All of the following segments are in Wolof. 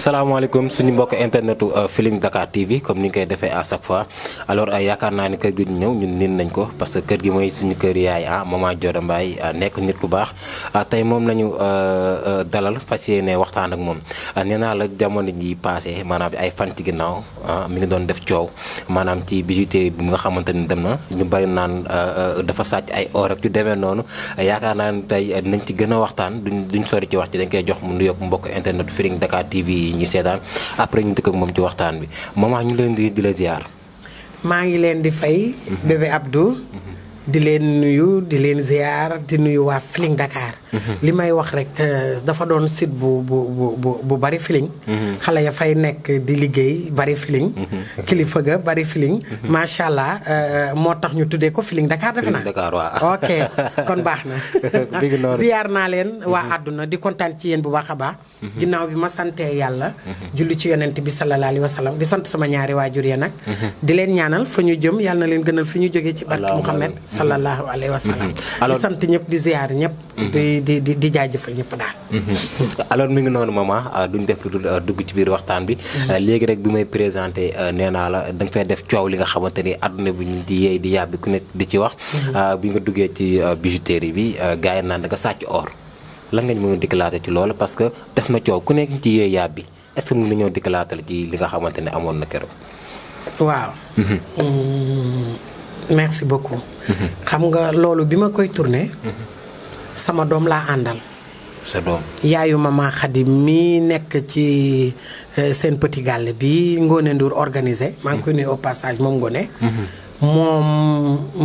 salaamaaleykum suñu mbokk internetu euh, Feeling Dakar TV comme ni ñu koy defee à chaque fois alors euh, yaakaar naa ne kër gi ñëw ñun nin nañ ko parce que kër gi mooy suñu kër yaay ah maman Dioda euh, nekk nit ku baax tey moom la ñu dalal fas yéene waxtaan ak moom nee naa la jamono ji passé maanaam ay fan ci ginnaaw mi ngi doon def coow maanaam ci bijouterie bi nga xamante ni dem na ñu bari naan dafa sàcc ay or ak ñu demee noonu yaakaar naa ne tey nañ ci gën a waxtaan duñ duñ sori ci wax ci dañ koy jox mu nuyoog mbokk internetu Feeling Dakar TV yi ñi seetaan après ñu dëkk ak moom ci waxtaan bi maman ñu leen di di la maa ngi leen di fay. Mhm. bébé Abdou. Mhm. di leen nuyu di leen ziar di nuyu waa Feeling Dakar. Mhm. li may wax rek euh, dafa doon sit bu bu bu bu bari Feeling. Mhm. xale ya fay nekk di liggéey bari Feeling. Mhm. kilifa ga bari Feeling. macha allah euh, euh, moo tax ñu tuddee ko Feeling Dakar defe naa. ok kon baax na. ziar naa leen waa àdduna di kontaan ci yéen bu baax a baax. ginnaaw bi ma santee yàlla. julli ci yonent bi sallallahu alayhi wa sallam di sant sama ñaari waajur ya nag. di leen ñaanal fa ñu jëm yàlla na leen gënal fi ñu jógee ci barke sallallahu alayhi wa mhm. di sant ñëpp di ziar ñëpp. Mhm. di di di di jaajëfal ñëpp daal. Mhm. alors mu ngi noonu maman euh, duñ def lu euh, dugg ci biir waxtaan bi. Euh, léegi rek bi may présenté nee naa la da nga fay def coow li nga xamante ni àdduna bi ñu di yeey di yàbbi ku nekk di ci wax. bi nga duggee ci bijouterie bi gars yi naan da nga sàcc or lan nga ñu mën a déclaré ci loolu parce que def na coow ku nekk ci yeey yàbbi est ce que mën nañoo déclaré ci li nga xamante ne amoon na keroog. merci beaucoup. xam nga loolu bi ma koy tourné. sama doom laa àndal. sa doom yaayu mama Khady mi nekk ci euh, seen petit bi Ngoné Ndour organisé. maa ngi koy nuyu au passage moom Ngoné. moom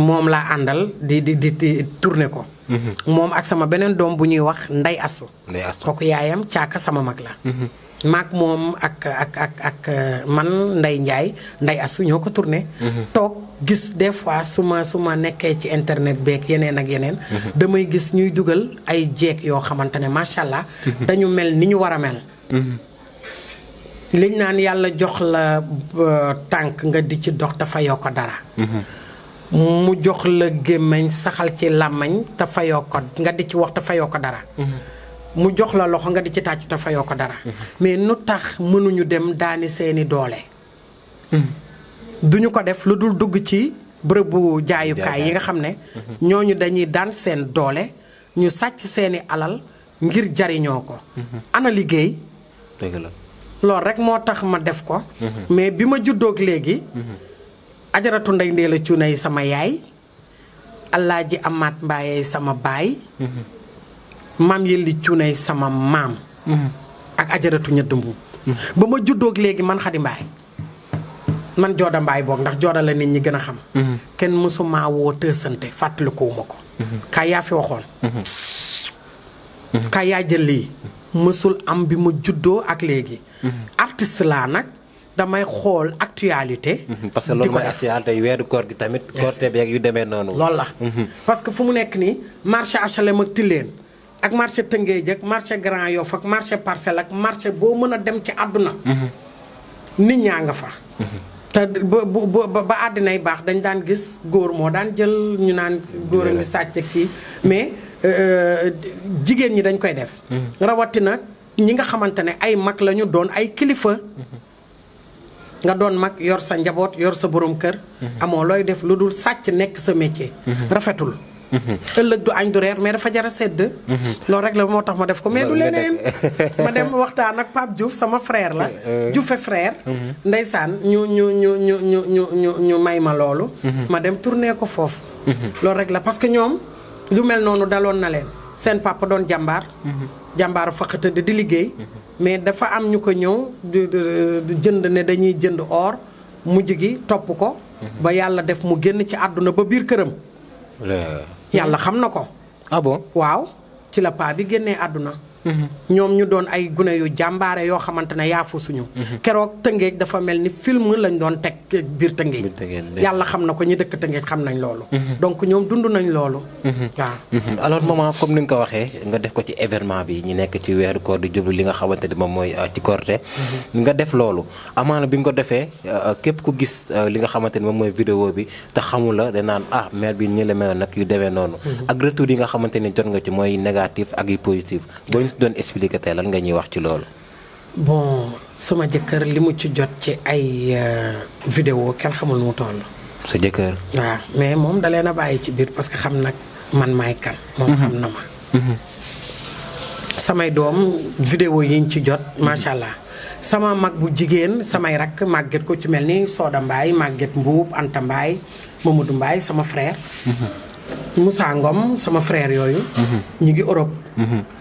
moom laa àndal di di di di tourné ko. Mhm. moom ak sama beneen doom bu ñuy wax Ndey Asu. Ndey Asu yaayam caaka sama mag la. Mhm. maak moom ak ak ak ak euh, man Ndeye Ndiaye Ndeye Assou ñoo ko turne mhm. toog gis des fois su ma su ma nekkee ci internet beeg yeneen ak yeneen. Mhm. damay gis ñuy dugal ay jeeg yoo xamante ne macha allah. Mhm. dañu mel ni ñu war a mel. liñ naan yàlla jox la euh, tànk nga di ci dox dafa yoo ko dara. mu jox la gémmiñ saxal ci làmmiñ te yoo ko nga di ci wax dafa yoo ko dara. mu jox la loxo nga di ci tàcc te fayoo ko dara. Mhm. mais nu tax mënuñu dem daani seeni doole. Mhm. duñu ko def lu dul dugg ci bërëb bërëbu jaayukaay yi nga xam ne. Mhm. ñooñu dañuy daan seen doole ñu sàcc seeni alal ngir jariñoo ko. ana liggéey. dëgg la loolu rek moo tax ma def ko. mais bi ma juddoog léegi. ajaratu ndey ndee la cuunay sama yaay. ji amaat mbaayey sama baay. maam yëlli cunay sama maam mhm. ak ajaratu ñett mbuub mhm. ba ma juddoog léegi man Xadi Mbaay man jooda mbaay boog ndax jooda la nit ñi gën a xam mhm. kenn mësumaa woo tësante fàttalikuwuma ko kaay yaa fi waxoon kaay yaa jël lii mësul am bi ma juddoo ak léegi artiste laa nag damay xool actualité parce que loolu mooy actualité weeru koor gi tamit koor te beeg yu demee noonu loolu la parce que fu mu nekk nii marché HLM ak Tilène ak marché Tëngéej ak marché Grand Yoff ak marché Parcelles ak marché boo mën a dem ci àdduna mhm. nit ñaa nga fa mhm. te ba àddina yi baax dañ daan gis góor moo daan jël ñu naan góor a ngi sàcc kii mais euh, euh, jigéen ñi dañ koy def mhm. rawatina ñi nga xamante ne ay mag lañu doon ay kilifa nga doon mag yor sa njaboot yor sa borom kër amoo looy def lu dul sàcc nekk sa métier rafetul ëllëg du añ du reer mais dafa jara sedd. loolu rek la moo tax ma def ko mais du leneen. ma dem waxtaan ak Pape Diouf sama frère la. Euh. Dioufé frère. Mhm. ndeysaan ñu ñu ñu ñu ñu ñu may ma loolu. Mhm. ma dem tourné ko foofu. Mhm. loolu rek la parce que ñoom lu mel noonu daloon na leen seen papa doon jàmbaar. jàmbaaru faq tëdd di liggéey. mais dafa am ñu ko ñëw jënd ne dañuy jënd or mujj gi topp ko. ba yàlla def mu génn ci àdduna ba biir këram. yàlla xam na ko. ah waaw ci la paa di génnee àdduna. ñoom ñu doon ay gune yu jàmbaare yoo xamante ne yaafu suñu mhm. keroog tëngeej dafa mel ni film lañ doon teg biir tëngeej yàlla xam na ko ñi dëkk tëngeej xam nañ loolu mhm. donc ñoom dund nañ loolu mhm. waaw alors ko waxee nga def ko ci ñu nekk ci weeru koor di jublu li nga ni moom mooy euh, ci korte nga bi nga ko defee euh, képp ku gis euh, li nga xamante ni moom mooy vidéo bi te xamul la danaan ah mère bi ñi la meloon nag yu demee noonu ak retour yi nga xamante jot nga ci mooy négatif ak yu positif doon expliquer tey lan nga ñuy wax ci loolu. bon sama jëkkër li mu ci jot ci ay euh, vidéo kenn xamul mu toll. sa jëkkër. waaw mais moom da leen a bàyyi ci biir parce que xam nag man maay kan. moom mhm. xam na ma. Mhm. samay doom vidéo yiñ ci jot mhm. macha allah. sama mag bu jigéen samay rakk màgget ko ci mel ni Soda mbaay màgget Mbuub Anta Mbaye Mamadou mbaay sama frère. Moussa Ngom sama frère yooyu. ñu ngi Europe.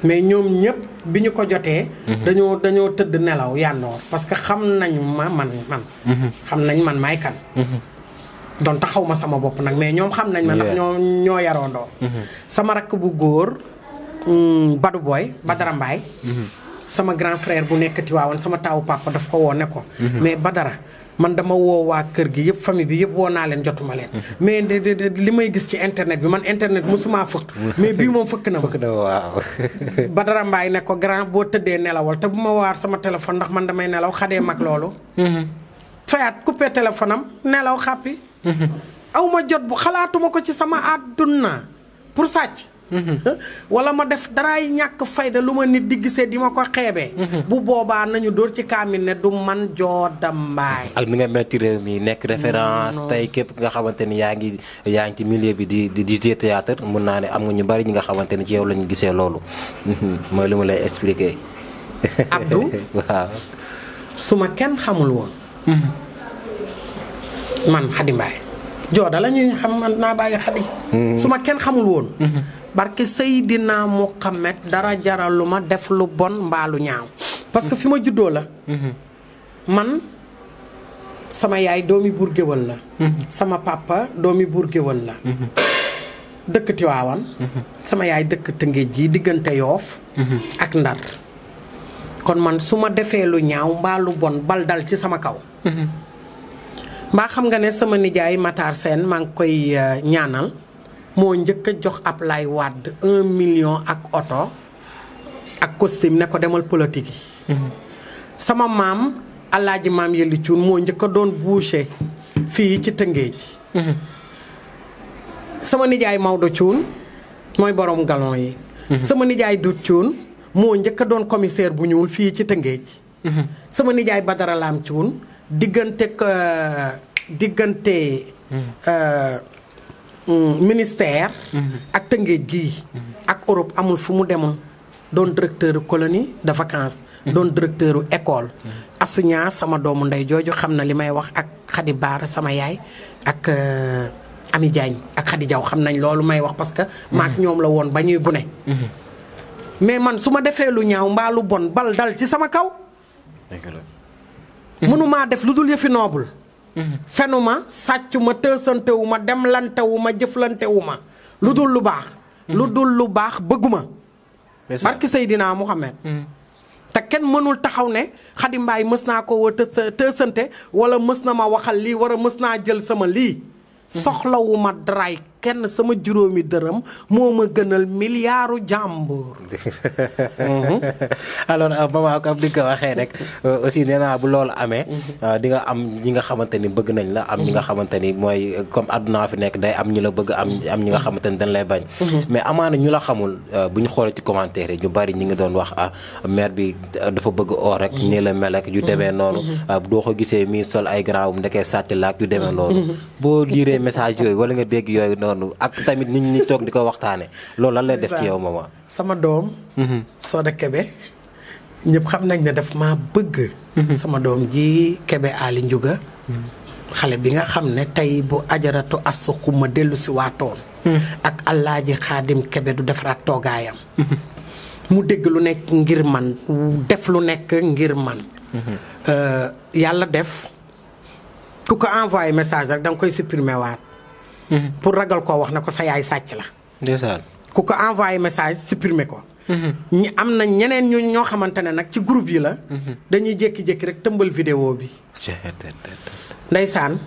mais ñoom ñëpp bi ñu ko jotee. Mhm. dañoo dañoo tëdd nelaw yàndoor parce que xam nañu ma man man. Mhm. xam nañ man maay kan. Mhm. doon taxaw ma sama bopp nag mais ñoom xam nañ ma ndax ñoo ñoo yaroondoo sama rakk bu góor mm, Badou Boy Badara Mbaye sama grand frère bu nekk Tiwaawan sama taawu papa daf ko woo ko mais Badara man dama woo waa kër gi yëpp famille bi yëpp woo naa leen jotuma leen. mais de de li may gis ci internet bi man internet mosuma fëkk. mais bii moom fëkk na ma. fëkk na waaw. Badara Mbaye ne ko grand boo tëddee nelawal te bu ma waar sama téléphone ndax man damay nelaw xadee mag loolu. fayaat coupé téléphone am nelaw xàppi. Mhm. aw ma jot bu xalaatuma ko ci sama àdduna pour sàcc. wala ma def daraay ñàkk fayda lu ma nit di gisee di ma ko xeebe mhm. bu boobaa nañu dóor ci kaamil ne du man Jooda Mbaay. ak ni nga metti réew mi nekk référence tey képp nga xamante ni yaa ngi yaa ngi ci milieu bi di di di théâtre mun naa ne am nga ñu bari ñi nga xamante ni ci yow lañu gisee loolu mooy lu ma lay expliquer. Abdou kenn xamul woon. man naa bàyyi Xadi. su ma kenn xamul woon. Mhm. dinaa Seydina Muhammad dara jaralu ma def lu bon mbaalu ñaaw parce que fi ma juddoo la mhm. man sama yaay doomi buur géwël la mhm. sama papa doomi buur géwël la mhm. dëkk Tiwaawan sama yaay dëkk Tëngéej ji diggante Yoof ak Ndar kon man su ma defee lu ñaaw mbaa lu bon bal dal ci sama kaw mbaa xam nga ne sama nijaay Matar Sène maa ngi koy euh, ñaanal moo njëkk jox Ablaye Wade un million ak oto ak costume ne ko demal politique yi. sama maam Alaaji maam Yelli Cuun moo njëkk doon boucher fii ci Tëngéej. sama nijaay Maodo Cuun mooy borom galon yi. sama nijaay Dut Cuun moo njëkk doon commissaire bu ñëwul fii ci Tëngéej. sama nijaay Badara Lam Cuun diggante euh, diggante. Hmm. Euh, ministère. ak Tëngéej gii. ak Europe amul fu mu demoon doon directeur colonie de vacances. doon directeur école. asuña sama doomu ndey jooju xam na li may wax ak Khady Baara sama yaay ak euh, Ami Diagne ak Khady jaw xam nañ loolu may wax parce que. maak mhm. ñoom la woon ba ñuy gune. Mhm. mais man su ma defee lu ñaaw mbaa bon bal dal ci sama kaw. mënumaa def lu dul yëfi noobul. fenu ma sàcc ma tësante ma demlante ma jëflante ma lu dul lu baax lu mhm. dul lu baax bëgguma barki Seydina Muhammad mhm. te kenn mënul taxaw ne Xadi Mbaay mës naa ko wa tësante wala mës na ma waxal lii wala mës naa jël sama lii mhm. soxlawu ma daraay kenn sama juróomi dërëm moo ma gënal miliyaaru jàmbur. alors euh, maman comme ni ko waxee rek euh, aussi nee naa bu loolu amee. Euh, di nga am ñi nga xamante ni bëgg nañ la. am ñi nga xamante ni mooy comme àdduna fi nekk day am ñi la bëgg am am ñi nga xamante ni dañ lay bañ. mais amaana ñu la xamul bu ñu xoolee ci commentaire yi ñu bari ñi nga doon wax ah maire bi dafa bëgg oor rek. nii la mel yu demee noonu. doo ko gisee mi sol ay garaawum ndekee sàcc la ak yu demee noonu. Mm-hmm. noonu ak tamit nit ñi toog di ko waxtaane loolu lan lay def ci yow a sama doom. Mhm. Soda Kebe ñëpp xam nañ ne daf maa bëgg. Mhm. sama doom ji Kebe Ali Ndiouga. Mhm. xale bi nga xam ne tey bu ajaratu asu xuma dellu si waatoon. ak Alaaji Xaadim Kebe du defaraat toogaayam. mu dégg lu nekk ngir man def lu nekk ngir man. Euh, yàlla def ku ko envoyé message rek da koy supprimer waat. Mhm. pour ragal koo wax na ko sa yaay sàcc la. ku ko envoyé message supprimer ko. Mhm. am na ñeneen ñu ñoo xamante ne nag ci groupe yi la. Mhm. dañuy jékki-jékki rek tëmbal vidéo bi. ndeysaan.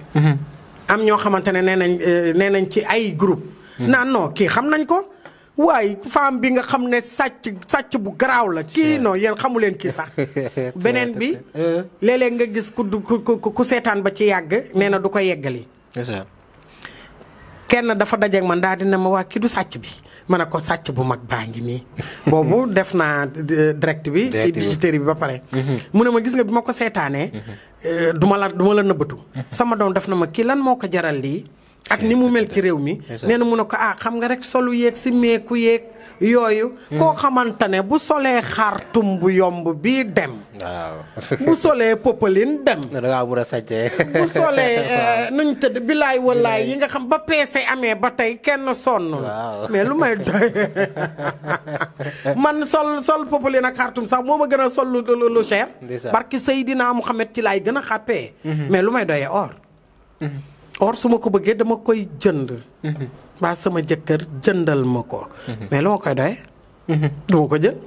am ñoo xamante ne nee nañ euh, nee nañ ci ay groupe naa noo kii xam nañ ko. waaye femme bi nga xam ne sàcc sàcc bu garaaw la kii noo yéen xamu leen kii sax beneen bi euh. léeg-léeg nga gis ku ku ku seetaan ba ci yàgg nee na du ko yeggali kenn dafa dajeeg man daal dina ma waa kii du sàcc bi ma ne ko sàcc bu mag baa ngi nii. boobu mhm. def naa euh, direct bi. ci digiteri bi ba pare. Mhm. mu ne ma gis nga bi ma ko seetaanee. Mhm. Euh, du ma la duma la nëbbatu. sama doom def na ma kii lan moo ko jaral lii. ak ni mu mel ci réew mi. nee na mu ne ko ah xam nga rek solu yéeg si meeku yeeg yooyu. Hmm. koo xamante ne bu solee xaartum bu yomb bii dem. bu solee popeline dem. da bu solee eh, nuñ tëdd bilaay walaay yi nga xam ba peese amee ba tey kenn sonn. mais lu may doy man sol sol popeline ak xaartum sax moo a gën a sol lu lu cher. barki Seydina Muhammad ci laay gën a xàppee. Mhm. mais lu may doyee or. Mhm. or su ma ko bëggee dama koy jënd. Mhm. mbaa sama jëkkër jëndal ma ko. Mhm. mais lu ma koy doyee. Mhm. du ma ko jënd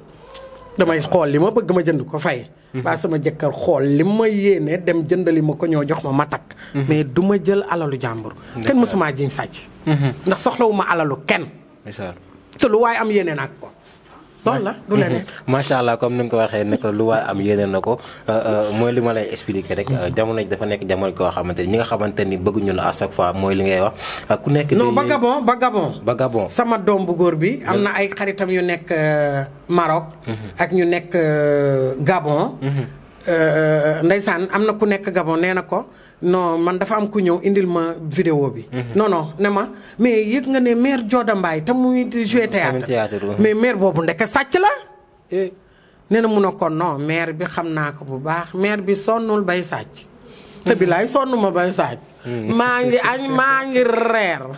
damay xool li ma bëgg ma jënd ko fay. mbaa sama jëkkër xool li ma yéene dem jëndali ma ko ñoo jox ma ma takk. mais du ma jël alalu jàmbur. kenn mësumaa jiñ sàcc. ndax soxlawuma alalu kenn. te waaye am yéene naa ko. loolu la du leneen. macha allah comme ni nga ko waxee ne lu waay am yeneen na ko euh, euh, mooy li ma lay expliquer rek euh, jamono ji dafa nekk jamono koo xamante ni ñi nga xamante ni bëgguñu la à chaque fois mooy li ngay wax ku nekk. non ba Gabon ba Gabon. ba Gabon sama doom bu góor bi am na ay xaritam yu nekk Maroc. Mhm. ak ñu nekk Gabon. Mhm. Euh, ndeysaan am na ku nekk Gabon nee na ko non man dafa am ku ñëw indil ma video bi. Mhm. nono ne ma mais yëg nga ne maire Joda Mbaye te muy joué théâtre mais mair boobu ndeke sàcc la. Eh. nee na mun a ko no maire bi xam naa ko bu baax maire bi sonnul bay sàcc. te bilaay ma bay sàcc. Mhm. maa ngi añ maa ngi reer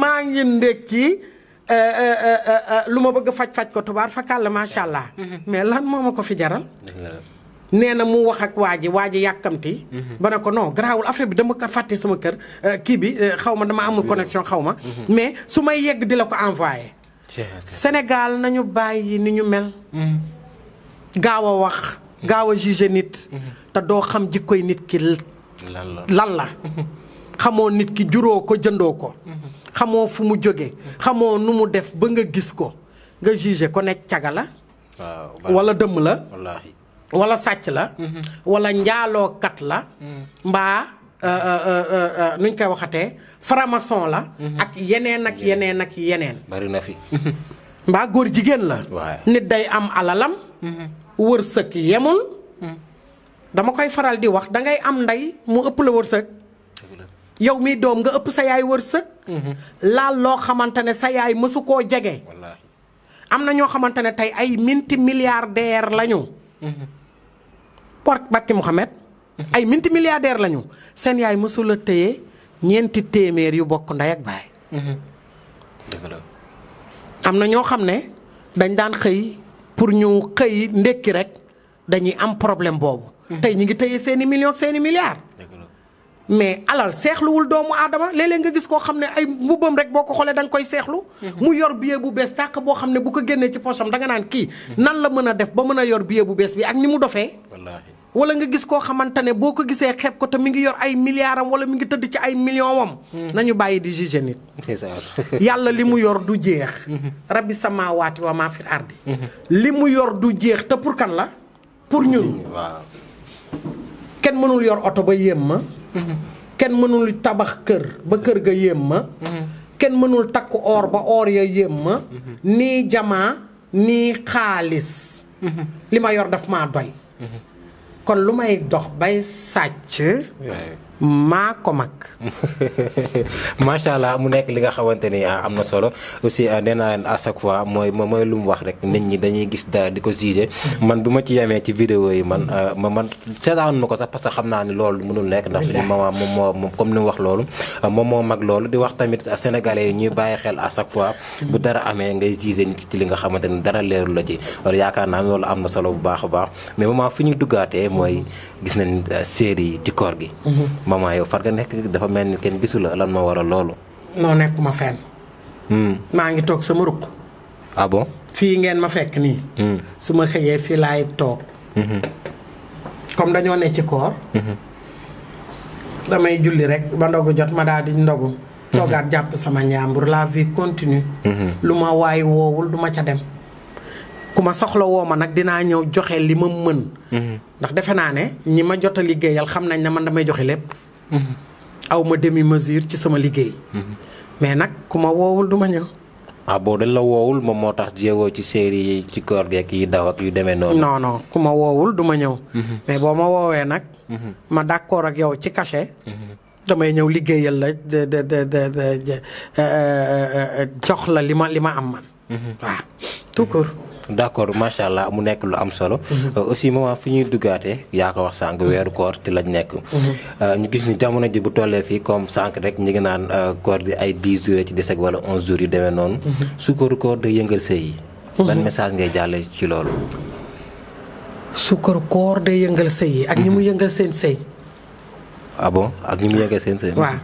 maa ngi ndekki. Euh, euh, lu ma bëgg faj faj ko tubaar fakàll macha allah. Mhm. mais lan moo ma ko fi jaral. nee na mu wax ak waa ji waa ji yàkkamti. Mhm. ba ne ko non garaawul affaire bi dama ko fàtte sama kër euh, kii bi euh, xaw ma dama amul connexion xaw ma. Mhm. mais su may yegg di la ko envoyé. Sénégal nañu bàyyi ni ñu mel. Mhm. gaaw a wax gaaw a jugé nit. te doo xam jikkoy nit ki lan la xamoo nit ki juróo ko jëndoo ko. xamoo fu mu jóge xamoo nu mu def ba nga gis ko nga jugé ko nekk caga la. wala dëmm la. wala sàcc la. wala njaalookat la. mbaa euh, euh, euh, nuñ koy waxatee faramason la. ak yeneen ak yeneen ak yeneen. bari na fi. mbaa góor jigéen la. nit day am alalam. wërsëg yemul. dama koy faral di wax dangay am ndey mu ëpp la wërsëg. yow mii doom nga ëpp sa yaay wërsëg. laal loo xamante ne sa yaay mësu koo jege. am na ñoo xamante ne tey ay minti milliardaire lañu. pork bakki Mouhamed. ay minti milliardaire lañu seen yaay mësul a téye ñeenti téeméer yu bokk ndey ak baay. Mhm. am na ñoo xam ne dañ daan xëy pour ñu xëy ndékki rek dañuy am problème boobu. Mhm. tey ñu ngi téye seeni i millions seen i mais alal seexluwul doomu aadama léeg-léeg nga gis koo xam ne ay mbubbam rek boo ko xoolee danga koy seexlu mu yor billet bu bees tàq boo xam ne bu ko génnee ci poosam da nga naan kii nan la mën a def ba mën a yor billet bu bees bi ak ni mu dofee wala nga gis koo xamante ne boo ko gisee xeeb ko te mi ngi yor ay milliards am wala mi ngi tëdd ci ay millions am hmm. nañu bàyyi di juger nit yàlla li mu yor du jeex hmm. rabbi samaawaati wa maa fil ardi hmm. li mu yor du jeex te pour kan la pour ñun kenn mënul yor oto ba yéem ma kenn mënul tabax kër ba kër ga yéem ma kenn mënul takk or ba or ya yéem ma nii jamaa nii xaalis li ma yor dafa maa doy kon lu may dox bay sàcc maa ko mag. macha allah mu nekk li nga xamante ni ah, am na solo aussi ah, nee naa leen à chaque fois mooy mooy lu mu wax rek nit ñi dañuy gis dara di ko jugé mm-hmm. man bu ma ci yemee ci vidéo yi man ah, ma man seetaanu ma ko sax parce que xam naa ne loolu mënul nekk ndax suñu moom moo comme ni mu wax loolu moom moo mag loolu di wax tamit sénégalais yi ñuy bàyyi xel à chaque fois mm-hmm. bu dara amee ngay jugé nit ci li nga xamante ni dara leeru la ci loolu yaakaar naa ne loolu am na solo bu baax a baax mais moment fi ñu duggaatee mooy mm-hmm. gis nañ série yi ci gi maman yow far nga nekk dafa mel ni kenn gisu la lan ma waral loolu. noo nekk ma fenn. Hmm. maa ngi toog sama ruq. abo ah fii ngeen ma fekk nii. Hmm. su ma xëyee fii laay toog. Hmm. comme dañoo ne ci koor. damay julli rek ba ndogu jot ma daal di ndogu. toogaat jàpp sama ñaambur la vie continue. lu ma waay woowul du ma ca dem. ku ma soxla woo ma nag dinaa ñëw joxe li ma mën. ndax defe naa ne ñi ma jot a liggéeyal xam nañ damay joxe lépp. Mm-hmm. aw ma demi mesure ci sama liggéey. Mm-hmm. mais nag ku ma woowul du ma ñëw. ah boo dañ la woowul moom moo tax jéego ci série yi ci koor geek yi daw ak yu demee noonu. non non ku ma woowul du ma ñëw. Mm-hmm. mais boo ma woowee nag. ma d'accord ak yow ci kase damay ñëw liggéeyal la euh, euh, euh, jox la li ma li ma am man. waaw tout d' accord macha allah mu nekk lu am solo. Mhm. Euh, aussi moment fu ñuy duggaate yaa ko wax sànq weeru koor ci lañ nekk. Mhm. Euh, ñu gis ni jamono ji bu tollee fii comme sànq rek ñu ngi naan euh, koor di ay 10 jours ci deseg wala 11 yu demee noonu. Mhm. sukkaru koor yëngal sëy yi. lan message ngay jàlle ci loolu. sukkaru koor day yëngal sëy yi. ak ñi mu yëngal seen sëy. Ah ak ñi mu yëngal seen sëy. waaw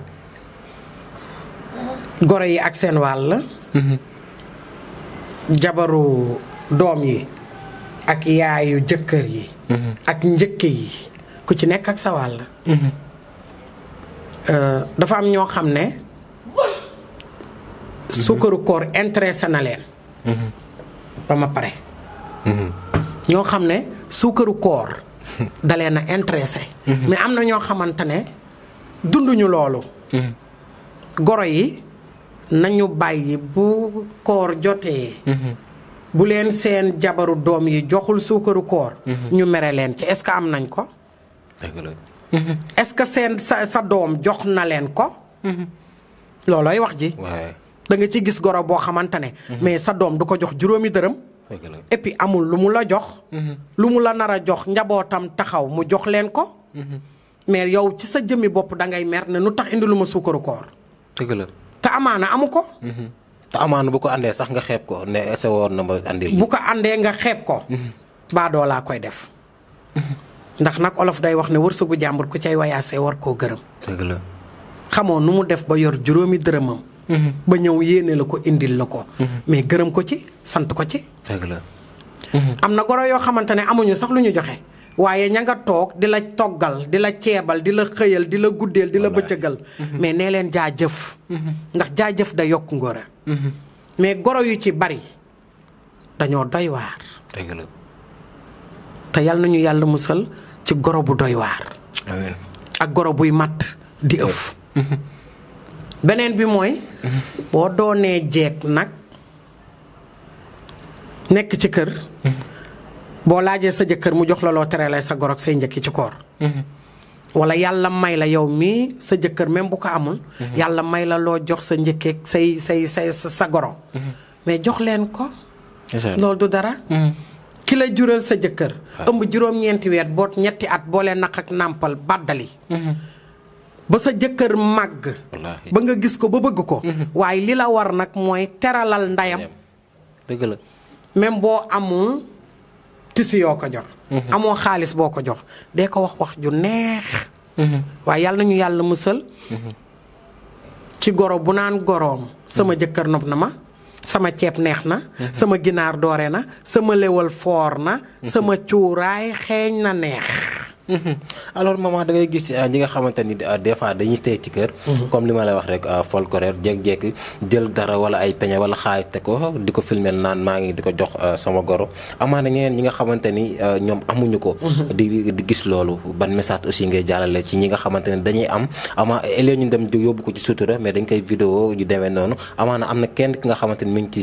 yi ak seen wàll. jabaru doom yi ak yaayu jëkkër yi mm-hmm. ak njëkk yi ku ci nekk ak sa wàll mm-hmm. euh, dafa am ñoo xam ne mm-hmm. sukkaru koor intéressé na leen ba pare ñoo xam ne suukaru koor da leen a mais am na ñoo xamante ne dunduñu loolu goro yi nañu bàyyi bu koor jotee bu leen seen jabaru doom yi joxul suukaru koor. Mhm. ñu mere leen ci est-ce que am nañ ko. dëgg la. Mhm. ce que seen sa sa doom jox na leen ko. Mhm. loolooy wax ji. da nga ci gis goro boo xamante ne. mais sa doom du ko jox juróomi dërëm. et amul lu mu la jox. lu mu la nar a jox njabootam taxaw mu jox leen ko. mais yow ci sa jëmmi bopp da ngay mer ne nu tax indi lu ma suukaru koor. dëgg te amaana amu ko. te amaana bu ko andee sax nga xeeb ko ne ese na ma andil. bu ko àndee nga xeeb ko. Mm-hmm. baadoo laa koy def. Mm-hmm. ndax nag olof day wax ne wërsëgu jàmbur ku cay wayaasee war koo gërëm. dëgg la xamoo nu mu def ba yor juróomi dërëmam. Mm-hmm. ba ñëw yéene la ko indil la ko. mais gërëm ko ci sant ko ci. dëgg am na goro yoo xamante ne amuñu sax lu ñu joxe. waaye ña nga toog di la toggal di la ceebal di la xëyal di la guddeel di la bëccëgal. mais nee leen jaajëf. ndax jaajëf da yokk ngóora. Mm-hmm. mais goro yu ci bari dañoo doy waar. dëgg te yal nañu yàlla musal ci goro bu doy waar. ak goro buy matt di ëf. beneen bi mooy. boo doonee jeeg nag nekk ci kër. Mm-hmm. boo laajee sa jëkkër mu jox la loo teree lay sa goro ak say njëkki ci koor. Mm-hmm. wala yàlla may la yow mii sa jëkkër même bu ko amul. Mhm. yàlla may la loo jox sa njëkkeeg say say say sa sagoro mhm. mais jox leen ko. loolu du dara. Mhm. ki la jural sa jëkkër. ëmb juróom-ñeenti weer boo ñetti at boo boole naq ak nàmpal bàddali. ba sa jëkkër màgg. ba nga gis ko ba bëgg ko. waaye li la war nag mooy teralal ndeyam. dëgg boo amul. tisi yoo ko jox. Mhm. amoo xaalis boo ko jox dee ko wax wax ju neex. Mhm. waaye yàlla nañu yàlla musal. Mhm. ci goro bu naan goroom. sama jëkkër nopp na ma. sama ceeb neex na. sama ginaar doore na. sama lewal foor na. sama cuuraay xeeñ na neex. Mm-hmm. alors maman da ngay gis euh, ñi nga xamante ni euh, des fois dañuy tey ci kër. Mm-hmm. comme li ma lay wax rek euh, folklore jékki-jékki jël dara wala ay peña wala xaay te ko di ko filmer naan maa ngi di ko jox sama goro amaana ñeneen ñi nga xamante ni ñoom amuñu ko. Mm-hmm. di di gis loolu ban message aussi ngay jàllale ci ñi nga xamante ne dañuy am ama léegi ñu dem yóbbu ko ci sutura mais dañ koy vidéo yu demee noonu amaana am na kenn ki nga xamante ni mu ngi ci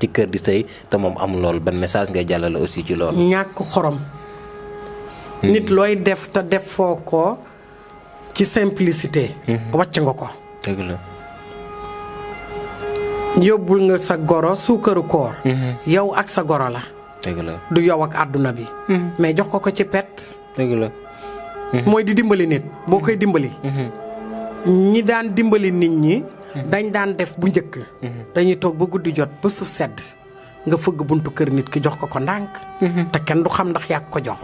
ci kër di sëy te moom amul loolu ban message ngay jàllale aussi ci loolu. ñàkk xorom. Mm-hmm. nit looy def te defoo ko ci simplicité. Mm-hmm. wàcc nga ko. dëgg yóbbul nga sa goro suukaru koor. Mm-hmm. yow ak sa goro la. dëgg la du yow ak àdduna bi. mais jox ko ko ci pet. dëgg mooy di dimbali nit boo koy dimbali. ñi daan dimbali nit ñi. dañ daan def bu njëkk. dañuy toog ba guddi jot ba suuf sedd nga fëgg buntu kër nit ki jox ko ko ndànk. te kenn du xam ndax yàq ko jox.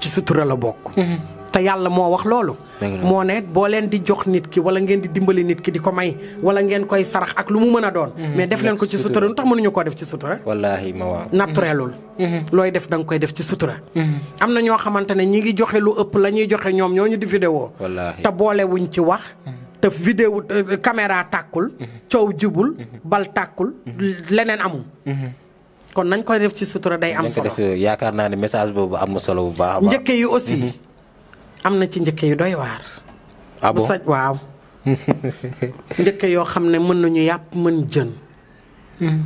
ci sutura la bokk. Mhm. te yàlla moo wax loolu. moo ne boo leen di jox nit ki wala ngeen di dimbali nit ki di ko may wala ngeen koy sarax ak lu mu mën a doon. Mhm. mais def leen ko ci sutura lu tax mënuñu koo def naturelul. Mhm. looy def da nga koy def ci sutura. am na ñoo xamante ne ñi ngi joxe lu ëpp la ñuy joxe ñoom ñoo ñu di vidéo. wallaahi te boolewuñ ci wax. te vidéo euh, caméra tàkkul. coow jubul. bal tàkkul leneen amul. kon nañ koy def ci sutura day am solo yaakaar naa ne message boobu am solo bu baax njëkke yu aussi mhm. am na ci njëkk yu doy waar ah saj waaw njëkke yoo xam ne mën nañu yàpp mën jën mhm.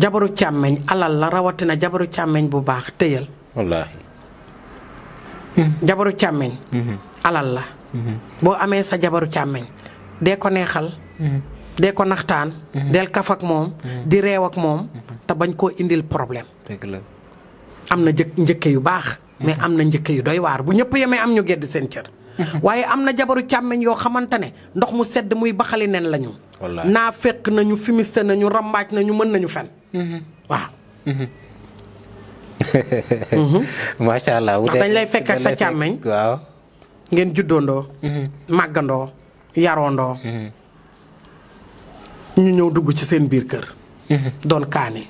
jabaru càmmiñ alal la rawatina jabaru càmmeñ bu baax téyal wallaahi mhm. jabaru càmmeñ alal la boo amee sa jabaru càmmiñ dee ko neexal dee ko naxtaan del kaf moom di reew moom te bañ koo indil problème. dëgg la am na jë njëkk yu baax. mais am na njëkk yu doy waar bu ñëpp yemee am ñu gedd seen cër. waaye am na jabaru càmmeñ yoo xamante ne ndox mu sedd muy baxali nen la ñu. naa fekk nañu fumiste nañu rambaaj nañu mën nañu fen mm-hmm. waaw. Mm-hmm. Mm-hmm. dañ lay fekk ak sa càmmeñ. waaw ngeen juddoondoo. màggandoo yaroondoo. ñu ñëw dugg ci seen biir kër. doon kaani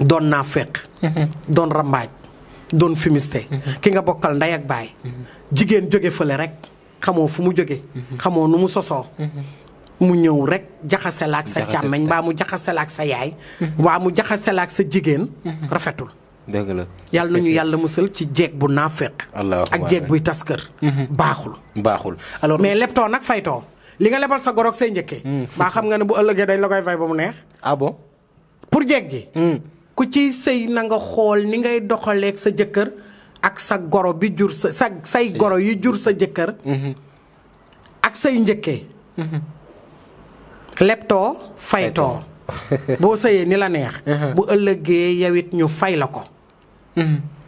doon naa fekk mhm. doon rambaaj doon fumiste mhm. ki nga bokkal ndey ak baay mhm. jigéen jóge fële rek xamoo fu mu jóge xamoo nu mu sosoo mu ñëw rek jaxase la ak sa càmmeñ mbaa mu jaxase la ak sa yaay mbaa mu jaxase sa jigéen rafetul dëgg la yàlla nañu yàlla musal ci jeeg bu naafeq ak jeeg buy tas kër baaxul baaxul alors mais leptoo nag faytoo li nga lebal sa goroog say njëkkee hmm. mbaa xam nga ne bu ëllëgee dañ la fay ba mu neex ah pour jeeg ji hmm. ku ciy sëy nanga xool ni ngay doxaleeg sa jëkkër ak sa goro bi jur sa say goro yi jur sa jëkkër hmm. ak say njëkke hmm. leptoo faytoo boo sëyee ni la neex bu ëllëgee yawit ñu fay la ko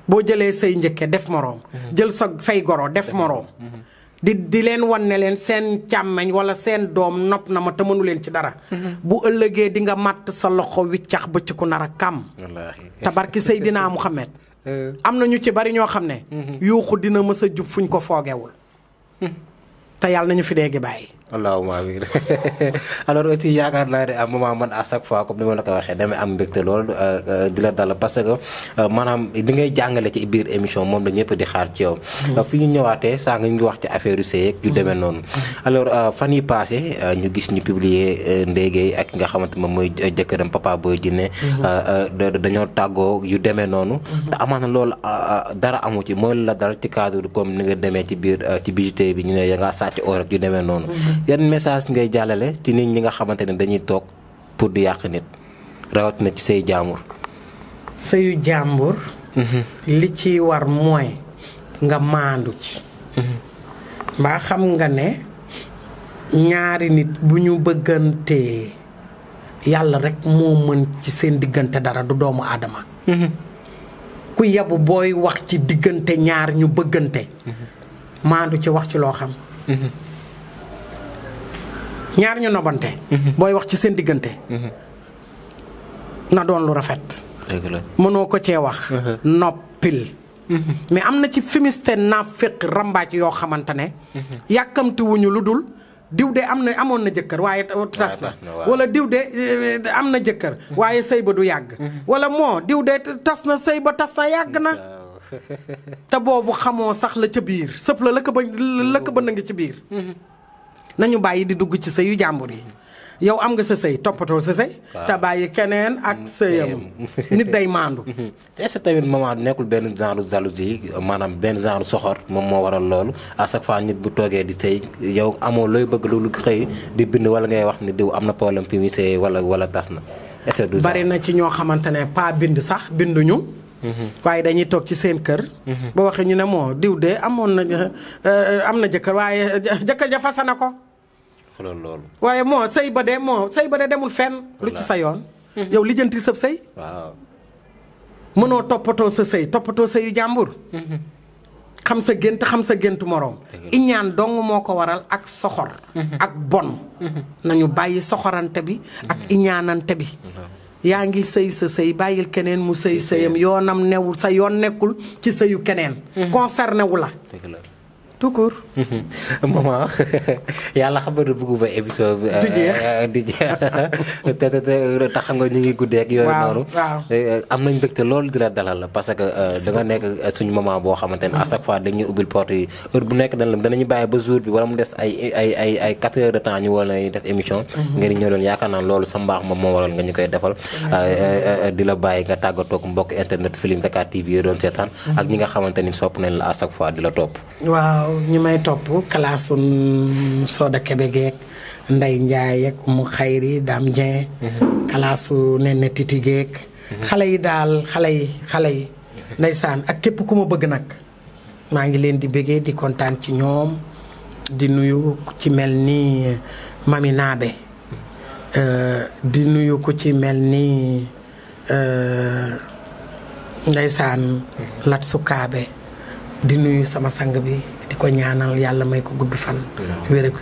boo jëlee say njëkke def moroom jël sa say goro def moroom di di leen wanne leen seen càmmeñ wala seen doom nopp na ma te mënu leen ci dara. Mm-hmm. bu ëllëgee di nga màtt sa loxo wiccax bëccëgu nar a kàmm. tabarki Seydina Muhammad euh. am na ñu ci bari ñoo xam ne. Mm-hmm. yuuxu dina mës a jub fuñ ko foogewul. Mm-hmm. te yàlla nañu fi dégg bàyyi. allahuma amiin alors yaakaar naa ne am ah, moment man à chaque fois comme ni ma la ko waxee damay am mbégte lool euh, euh, di la dal parce que euh, maanaam di ngay jàngale ci biir émission moom la ñëpp di xaar ci yow. Mm-hmm. fi ñu ñëwaatee saa nga ñu wax ci affaire yu seey yu mm-hmm. demee noonu. Mm-hmm. alors fan yi passé ñu gis ñu publier ndéegéey ak nga xamante moom mooy jëkkëram papa booy jinne dañoo tàggoo yu demee noonu. te amaana loolu dara amu ci mooy la dal ci cadre comme ni nga demee ci biir ci bijouterie bi ñu ne ya ngaa sàcc or ak yu demee noonu. yan message ngay jàllale ci nit ñi nga xamante ne dañuy toog pour di yàq nit na ci sëy jaambur. sëyu mhm. jaambur. li ciy war mooy nga maandu ci. Mhm. mbaa xam nga ne ñaari nit bu ñu bëggantee yàlla rekk moo mën ci seen diggante dara du doomu aadama. Mhm. ku yabu booy wax ci diggante ñaar ñu bëggante. maandu ci wax ci loo xam. ñaar ñu nobante. Mhm. booy wax ci seen diggante. Mhm. na doon lu rafet. mënoo ko cee wax. Mhm. noppil. mais am na ci fumiste naaféq rambaaj yoo xamante ne. yàkkamti lu dul diw de am na amoon na jëkkër waaye tas na wala diw de eh, am na jëkkër waaye sëy ba du yàgg. wala moo diw de tas na sëy ba tas na yàgg na. te boobu xamoo sax la ca biir sëpp la la ko ba la ko ba ngi ci biir. nañu bàyyi di dugg ci sëyu jàmbur yi yow am nga sa sëy toppatoo sa sëy te bàyyi keneen ak mm, sëyam nit day maandu mm-hmm. est-ce que tamit maman nekkul benn genre jalousie maanaam benn genre soxor moom moo waral loolu à chaque fois nit bu toogee di sëy yow amoo looy bëgg loolu xëy di bind wala ngay wax ni diw am na problème fi muy sëy wala wala tas na est-ce que bari na ci ñoo xamante ne pas bind sax binduñu mm-hmm. waaye dañuy toog ci seen kër. Mm-hmm. ba waxee ñu ne moo diw de amoon na euh, am na jëkkër waaye jëkkër ja fase na ko. xoolal loolu. waaye moo sëy ba de moo sëy ba de demul fenn. lu ci sa yoon. Mhm. yow lijjanti sab sëy. waaw. mënoo toppatoo sa sëy toppatoo sëyu jàmbur. Mhm. xam sa gént xam sa gént moroom. iñaan dong moo ko waral ak soxor. Mhm. ak bon. nañu bàyyi soxorante bi. ak iñaanante bi. yaa ngi sëy sa sëy bàyyil keneen mu sëy sëyam yoonam newul sa yoon nekkul ci sëyu keneen. concerné wu la. tout court. maman yàlla xam nga bëggu ba émission bi. di jeex euh, di jeex te te te xam nga ñu ngi guddee ak. yooyu noonu euh, euh, am nañ mbégte loolu di la dalal la parce que da nga nekk suñu maman boo xamante ne à chaque fois dañuy ubbil porte yi heure nekk dañ la danañu bàyyi ba jour wala mu de temps ñu war lay def émission. Mhm. ngeen ñëw doon yaakaar naa loolu sa mbaax moom moo waral ñu koy defal. di la bàyyi nga tàggatoo mbokk internet Feeling Dakar TV yi doon seetaan. Mhm. ak ñi nga xamante ni sopp nañ la à chaque fois di la topp. waaw may topp kalaasun Soda Kébé geek Ndey Njaay ak mu xayri Dame Dieng mhm. kalaasu Nene Titi geek mhm. xale yi daal xale yi xale yi mhm. ndeysaan ak képp ku ma bëgg nag maa ngi leen di bëggee di kontaan ci ñoom di nuyu ci mel nii Mami euh, di nuyu ku ci mel nii euh, Ndeysaan Lat Sukaabe di nuyu sama sang bi di ko ñaanal yàlla may ko gudd fan. wér ak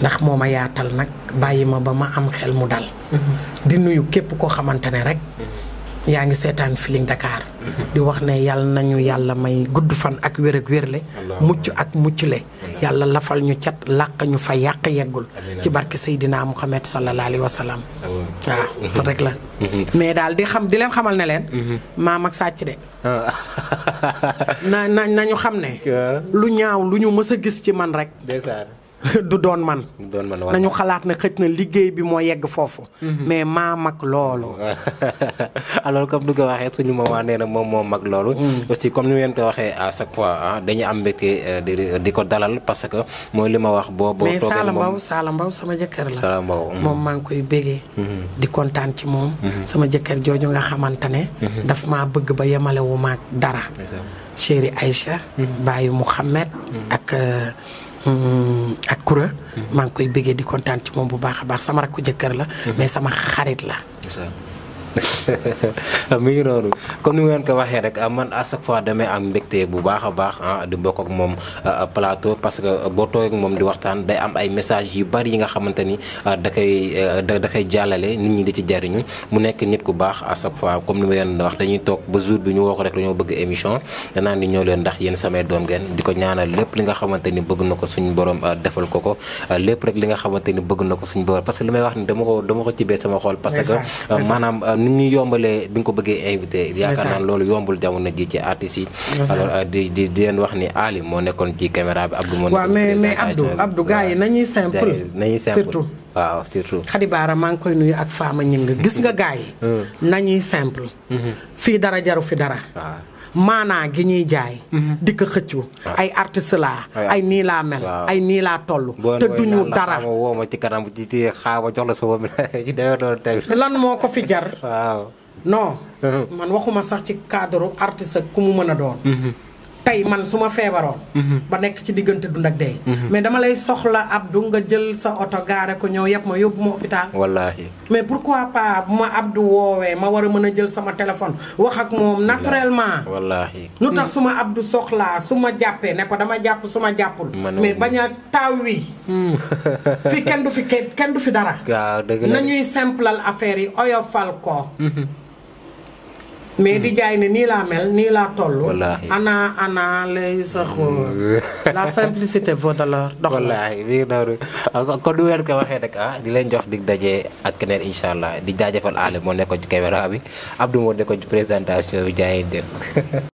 ndax moo ma yaatal nag bàyyi ma ba ma am xel mu dal. Mm-hmm. di nuyu képp koo xamante ne rek. Mm-hmm. yaa ngi seetaan Feeling Dakar di wax ne yàlla nañu yàlla may gudd fan ak wérag wér ak wérle mucc ak mucc le yàlla lafal ñu cat làq ñu fa yàq yeggul ci barke Seydina Muhammad sallallahu alayhi wa salaam waaw mhm. la mhm. mais daal di xam di leen xamal ne leen mhm. maam ak sàcc de ah. na na nañu xam ne lu ñaaw lu ñu mës a gis ci man rek du doon man nañu xalaat ne xëj na liggéey bi moo yegg foofu mhm. mais maa mag loolu alors comme du ko waxee suñu ma nee na moom moo mag loolu mm. aussi comme ni ngeen ko waxee à chaque fois ah, dañu am mbégte euh, di ko dalal parce que mooy li ma wax boo boo mais Sala sama jëkkër la mm. moom maa ngi koy bégee mm-hmm. di kontaan ci moom mm-hmm. sama jëkkër jooju nga xamante ne mm-hmm. daf maa bëgg ba yemalewu maag dara chéri Aïcha bàyyi Mouhamed ak euh, Mm, ak kura. Mm. maa ngi koy bëggee di kontaan ci moom bu baax a baax sama rakku jëkkër la. Mm-hmm. mais sama xarit la. mi ngi noonu comme ni ngeen ko waxee rek man à chaque fois damay am mbégte bu baax a baax ah, di bokk moom ah, plateau parce que boo toogee moom di waxtaan day am ay messages yu bari yi nga xamante ni ah, da koy eh, da koy jàllale nit ñi di ci jariñu mu nekk nit ku baax à chaque fois comme ni ma leen wax dañuy toog ba jour bi ñu woo ko rek dañoo bëgg émission danaan ni leen ndax yéen samay doom ngeen di ko ñaanal lépp li nga xamante ni bëgg na ko suñu borom defal ko ko lépp rek li nga xamante ni bëgg na ko suñu borom parce que li may wax ni dama ko dama ko cibee sama xol parce que ni mu ñuy yombalee bi nga ko bëggee invité yaakaar naa loolu yombul jamono ji ci artistes yi alors euh, di di di wax ni Ali moo nekkoon ci caméra bi Abdou moo nekkoon mais mais Abdou Abdou gars yi nañuy simple nañuy simple surtout waaw surtout xadibaara maa ngi koy nuyu ak Fama ñing gis nga gars yi hmm. nañuy simple hmm. fii dara jaru fi dara maanaa gi ñuy jaay. Mhm. dikk ko xëccu ah. ay artiste laa. Ah, ay niilaa mel. ay nii laa toll. te dara ma ci kanam ci xaama jox la sa lan moo ko fi jar. waaw man waxuma sax ci cadre artiste ku mu mën a doon. Mhm. tey man su ma feebaroon. Mm-hmm. ba nekk ci diggante dund ak dee. Mm-hmm. mais dama lay soxla Abdou nga jël sa oto gaar ko ñëw yëpp ma yóbbu ma hôpital. wallaahi mais pourquoi pas bu ma du woowee ma war a mën a jël sama téléphone wax ak moom naturellement. wallaahi lu tax mm. su ma Abdou soxla su ma jàppee ne ko dama jàpp su ma jàppul. mais bañ a taaw mm. fi kenn du fi kenn du fi dara. nañuy simplal affaire yi oyofal ko. Mm-hmm. mais di jaay ne nii laa mel nii laa toll. wallaahi ana ana lay sax la simplicité vaut de l'or. dox wallaahi du weer ko waxee nag ah di leen jox dig daje ak keneen incha allah di jaajëfal Aliou moo nekkoon ci caméra bi Abdou moo nekkoon ci présentation bi jaayeen